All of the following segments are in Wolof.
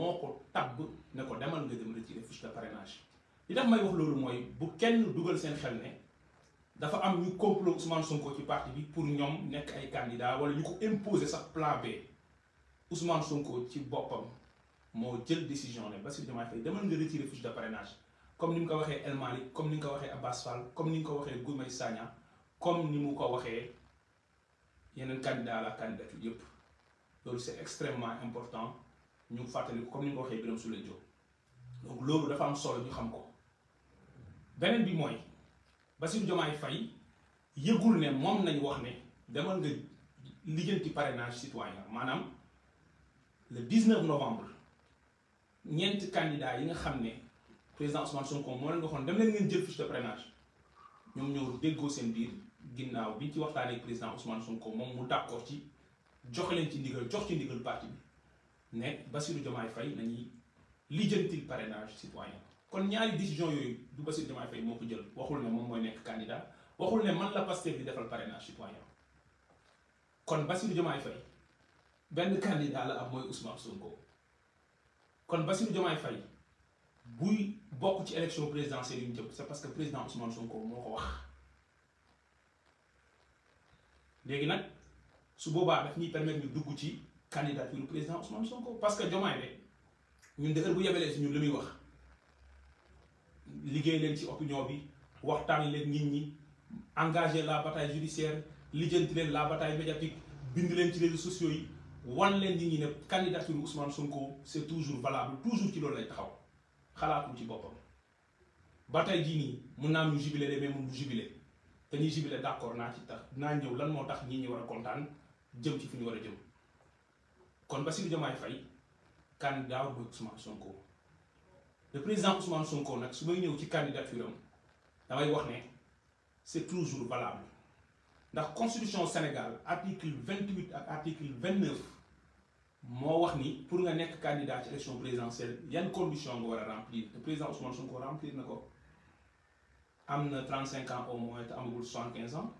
moo ko tabb ne ko demal nga dem retirer fiche de parrainage li tax may wax loolu mooy bu kenn dugal seen xel ne dafa am ñu complot Ousmane Sonko ci parti bi pour ñoom nekk ay candidat wala ñu ko imposer sax plan B Ousmane Sonko ci boppam moo jël décision ne Bassirou Diomaye Faye demal nga retirer fiche de parrainage comme ni mu ko waxee El Malick comme ni mu ko waxee Abbas Fall comme ni mu ko waxee Guy Marius comme ni mu ko waxee yeneen candidat la candidature yépp loolu c'est extrêmement important ñu fàttali ko comme ni nga waxee Birame Souleye Diop donc loolu dafa am solo ñu xam ko beneen bi mooy Bassirou Diomaye fay yëgul ne moom nañ wax ne demal nga lijjanti parrainage citoyen maanaam le 19 novembre ñeenti candidat yi nga xam ne président Ousmane Sonko moo leen waxoon dem jël fiche de parrainage ñoom ñoo déggoo seen biir ginnaaw bi ci waxtaanee président Ousmane Sonko moom mu d'accord ci jox leen ci ndigal jox ci ndigal parti bi. ne Bassirou Diomaye Faye nañuy lijjantil parrainage citoyen kon ñaari décision yooyu du Bassirou Diomaye Faye moo ko jël waxul ne moom mooy nekk candidat waxul ne man la Pastef di defal parrainage citoyen kon Bassirou Diomaye Faye benn candidat la am mooy Ousmane Sonko kon Bassirou Diomaye Faye buy bokk ci élection présidentielle yu ñu jëm c'est parce que président Ousmane Sonko moo ko wax léegi nag su boobaa daf ñuy permettre ñu dugg ci candidature président Ousmane Sonko parce que Diomaye de ñun dëkk bu yebalee si ñun li muy wax liggéey leen ci opinion bi waxtaan leen nit ñi engagé la bataille judiciaire lijjanti leen la bataille médiatique bind leen ci réseaux sociaux yi wan leen ñi ñi ne candidature Ousmane Sonko c'est toujours valable toujours ci loolu lay taxaw xalaatul ci boppam. ba tey jii nii mun naa am ñu jubilé de mais mun du jubilé te ñuy jubilé d'accord naa ci tax naa ñëw lan moo tax ñii ñu kontaan jëm ci fu ñu kon Bassirou Diomaye Faye candidat wu ba Ousmane Sonko le président Ousmane Sonko nag su may ñëw ci candidature am damay wax ne c'est toujours valable ndax constitution Sénégal article vingt huit ak article vingt neuf moo wax ni pour nga nekk candidat ci élection présidentielle yan condition nga war a remplir le président Ousmane Sonko remplir na ko am na trente cinq ans au moins te amagul soixante quinze ans.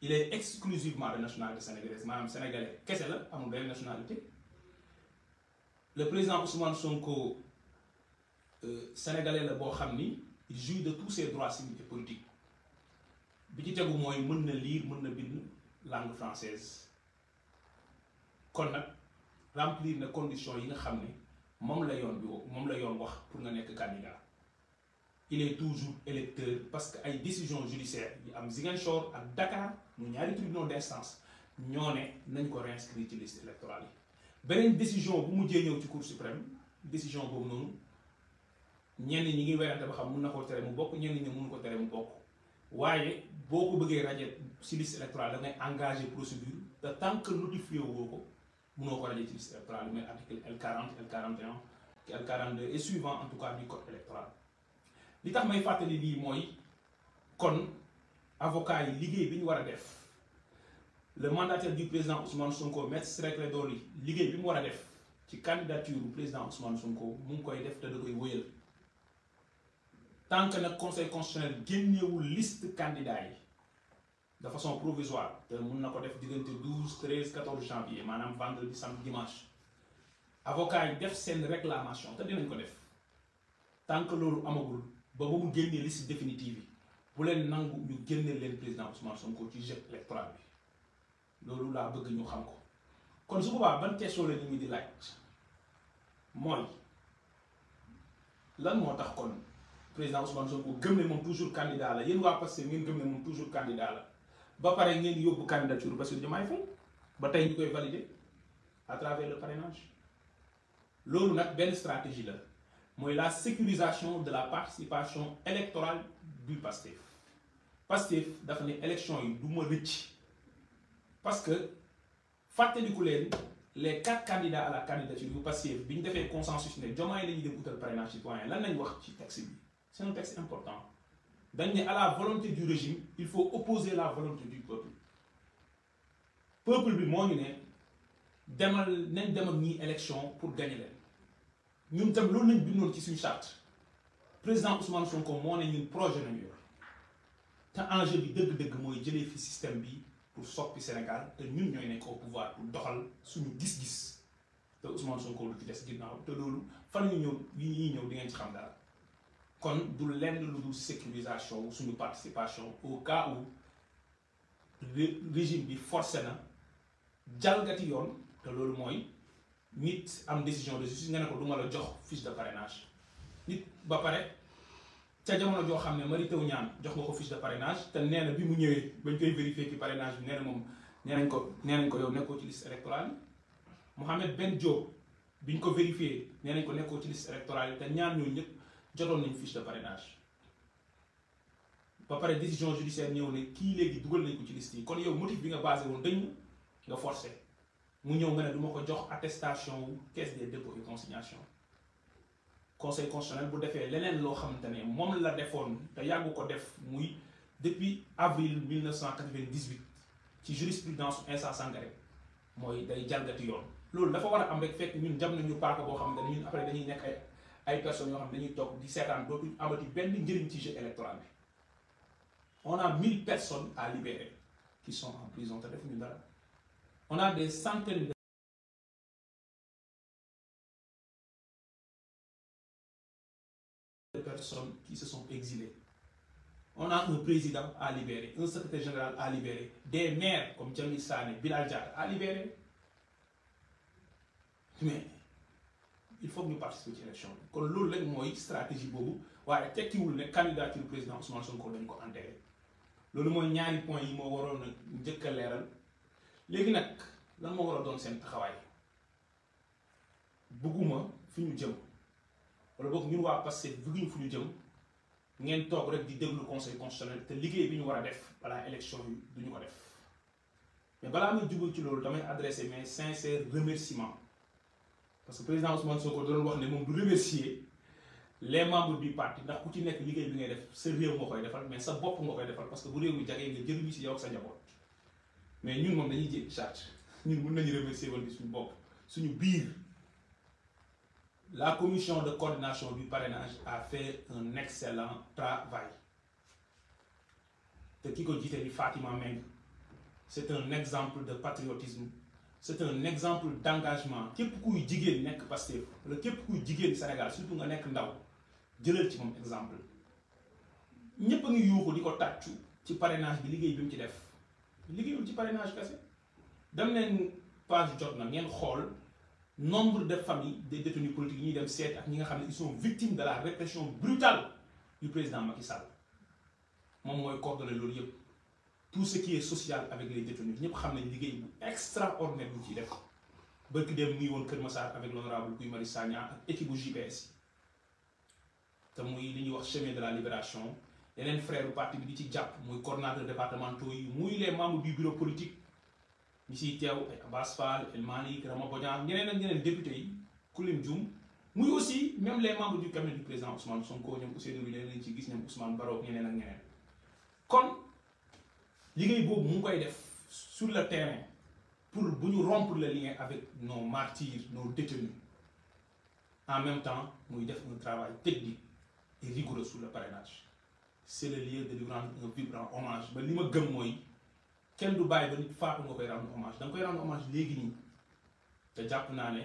il est exclusivement de nationalité sénégalaise maanaam sénégalais kese la amul benn nationalité le président Ousmane Sonko euh, sénégalais la boo xam ni il de tous ses droits civiques politiques bi ci tegu mooy mën na lire mën na bind langue française kon nag remplir na conditions yi nga xam ne moom la yoon bi moom la yoon wax pour nga nekk candidat il est toujours électeur parce que ay décision judiciaire yi am Ziguinchor ak Dakar mu ñaari tribunaux d'instance ñoo ne nañ ko réinscrire ci liste électorale yi beneen décision bu mujjee ñëw ci cour suprême décision boobu noonu ñenn ñi ngi werante ba xam mun na koo tere mu bokk ñenn ñi mun ko tere mu bokk waaye boo ko bëggee raje ci liste électorale da ngay engagé procédure te tant que notifié woo ko munoo ko raje ci liste électorale mais article l tout cas du code li tax may fàttali lii mooy kon avocat yi liggéey bi ñu war a def le mandataire du président Ousmane Sonko maître Ciré Clédor Ly liggéey bi mu war a def ci candidature bu président Ousmane Sonko mu koy def te da koy wëyal tant que nag conseil constitutionnel génnewul liste candidat yi de façon provisoire te mun na ko def diggante 12 13 14 janvier maanaam vendredi samedi dimanche avocat yi def seen réclamation te dinañ ko def tant que loolu amagul. ba ba mu génnee liste définitive yi bu leen nangu ñu génne leen président Ousmane Sonko ci jet électoral bi loolu laa bëgg ñu xam ko kon su boobaa ban question la ñu ngi di laaj mooy lan moo tax kon président Ousmane Sonko gëm ne moom toujours candidat la yéen waa Pastef ngeen gëm ne moom toujours candidat la ba pare ngeen yóbbu candidature Bassirou Diomaye Faye ba tey ñu koy valider à travers le parrainage loolu nag benn stratégie la. mooy la sécurisation de la participation électorale du PASTEF PASTEF dafa ne élection yi du ma rëcc parce que fàttaliku leen les quatre candidats à la candidature yu PASTEF bi ñu defee consensus ne Diomaye la ñuy dem utal parrainage citoyen lan lañ wax ci texte bi c'est un texte important dañ ne à la volonté du régime il faut opposer la volonté du peuple peuple bi moo ñu ne demal nañ dem ak ñii élection pour gagner leen ñun tam loolu lañ bindoon ci suñu charte président Ousmane Sonko moo ne ñun projet nañu yor te enjeu bi dëgg-dëgg mooy jëlee fi système bi pour soppi Sénégal te ñun ñooy nekk au pouvoir doxal suñu gis-gis te Ousmane Sonko du ci des ginnaaw te loolu fan ñu ñëw li ñëw di ngeen ci xam dara kon du lenn lu dul sécurisation suñu participation au cas où régime bi forcé na jalgati yoon te loolu mooy. nit am décision de justice nga ne ko du la jox fiche de parrainage nit ba pare ca jamono joo xam ne Mary Teuw Niane jox nga ko fiche de parrainage te nee bi mu ñëwee bañ koy vérifier ci parrainage bi nee moom nee nañ ko nee nañ ko yow nekkoo ci liste électorale yi Mouhamed Ben Diop biñ ko vérifier nee nañ ko nekkoo ci liste électorale yi te ñaar ñooñu ñëpp jotoon nañ fiche de parrainage ba pare décision judiciaire ñëw ne kii léegi dugal nañ ko ci liste yi kon yow bi nga basé woon dañ nga mu ñëw nga ne du ko jox attestation wu caisse des dépôts et consignation conseil constitutionnel bu defee leneen loo xamante ne moom la defoon te yàggu ko def muy depuis avril 1998 ci jurisprudence Insa Sangaré mooy day jalgati yoon loolu dafa war a am rek fekk ñun jam nañu paaka boo xam ne ñun après dañuy nekk ay ay personnes yoo xam ne dañuy toog di seetaan dootuñ amati benn njëriñ ci jeu électoral bi on a mille personnes à libérer qui sont en prison defuñu dara on a des centaines de personnes qui se sont exilées. On a un président à libérer, un secrétaire général à libérer, des maires comme Djamil Sane, Bilal à libérer. il faut que ñu ci élection kon loolu rek mooy stratégie boobu waaye tekkiwul ne candidature président Ousmane Sonko dañ ko enterré loolu mooy ñaari point yi moo waroon a njëkk a leeral léegi nag lan ma war a doon seen taxawaay bëgguma fi ñu jëm wala boog ñun waa Pastef bëgguñu fu ñu jëm ngeen toog rek di déglu conseil constitutionnel te liggéey bi ñu war a def balaa élection yi ñu ko def mais balaa muy jubal ci loolu damay adressé mes sincères remerciements parce que président Ousmane Sonko doon wax ne moom du remercier les membres du parti ndax ku ci nekk liggéey bi ngay def sa réew nga koy defal mais sa bopp nga koy defal parce si yow sa njaboot. mais ñun moom dañuy jël charge ñun mun nañu remercier wal bi suñu bopp suñu biir la commission de coordination du parrainage a fait un excellent travail te ki ko jiite di Fatima Meng c'est un exemple de patriotisme c'est un exemple d'engagement képp kuy jigéen nekk Pastef wala képp kuy jigéen Sénégal surtout nga nekk ndaw jëlal ci moom exemple ñépp a ngi yuuxu di ko tàccu ci parenage bi liggéey bi ci def liggéeyul ci parrainage kese dem leen page jot na ngeen xool nombre de familles des détenus politiques yi ñuy dem seet ak ñi nga xam ne ils sont victimes de la répression brutale du président Macky Sall moom mooy coordonné loolu yëpp tout ce qui est social avec les détenus ñëpp xam nañ liggéey bu extraordinaire bu ci def bërki dem muy woon Kër Massar avec l'honorable Guy Marius Sagna ak équipe bu GPS yi te muy li ñuy wax chemin de la libération yeneen frère parti bi di ci jàpp muy coordonnateur départementaux yi muy les membres du bureau politique ñi siy teew ay Abbas Fall El Malick Rama Bodian ñeneen ak ñeneen député yi Koulim Dioum muy aussi même les membres du cabinet du président Ousmane Sonko ñoom Ousseynou bi leen ci gis ñoom Ousmane Baro ñeneen ak ñeneen kon liggéey boobu mu ngi koy def sur le terrain pour bu ñu rompre le lien avec nos martyrs nos détenus en même temps muy def un travail technique et rigoureux sur le parrainage c'est le de lui rendre un vibrant hommage ba li ma gëm mooy kenn du bàyyi ba nit faatu nga koy rendre hommage da koy rendre hommage léegi nii te jàpp naa ne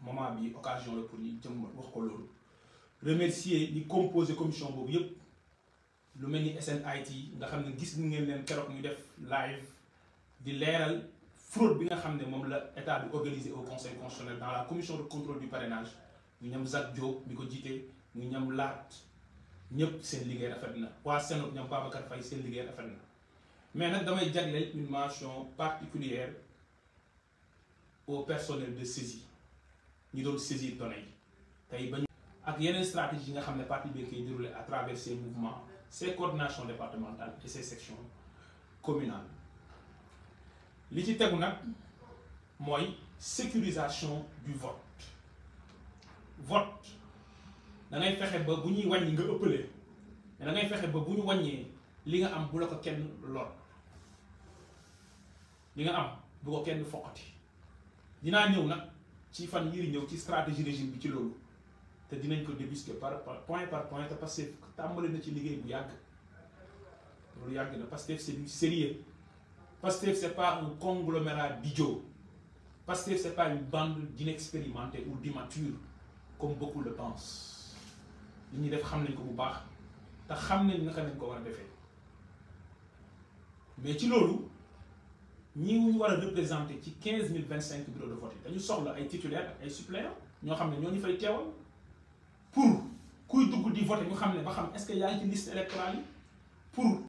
moment bi occasion la pour ñu jëm wax ko loolu remercier ni composé commission boobu yëpp lu mel ni SNIT nga xam ne gis ni ngeen leen keroog ñu def live di leeral fraude bi nga xam ne moom la état bi organisé au conseil constitutionnel dans la commission de contrôle du parrainage ñu ñam Jacques Diop bi ko jiite ñu ñam Laat ñëpp seen liggéey rafet na waa Sénégal ñoom Babacar Faye seen liggéey rafet na mais nag damay jagleel une mention particulière au personnel de saisie ñu doon saisir données yi tey ba ñu ak yeneen stratégie yi nga xam ne parti bi koy déroulé à travers ses mouvements ses coordinations départementales et ses sections communales li ci tegu nag mooy sécurisation du vote vote da fexe ba bu ñuy wàññi nga ëppalee mais da fexe ba bu ñu wàññee li nga am bu la ko kenn lor li nga am bu ko kenn foqati dinaa ñëw nag ci fan yii ñëw ci stratégie régime bi ci loolu te dinañ ko débusquer par par point par point te parce que tàmbali na ci liggéey bu yàgg loolu yàgg na Pastef c'est du sérieux Pastef c'est pas un conglomérat d'idiot Pastef c'est pas une bande d'inexpérimentés ou d'immatures comme beaucoup le pensent li ñuy def xam nañ ko bu baax te xam nañ naka dañ ko war a defee mais ci loolu ñi ñu war a représenter ci quinze mille vingt cinq bureaux de vote yi dañu soxla ay titulaires ak ay suppléants ñoo xam ne ñoo ñu fay teewal pour kuy dugg di voter ñu xam ne ba xam est-ce que yaa ngi ci liste électorale pour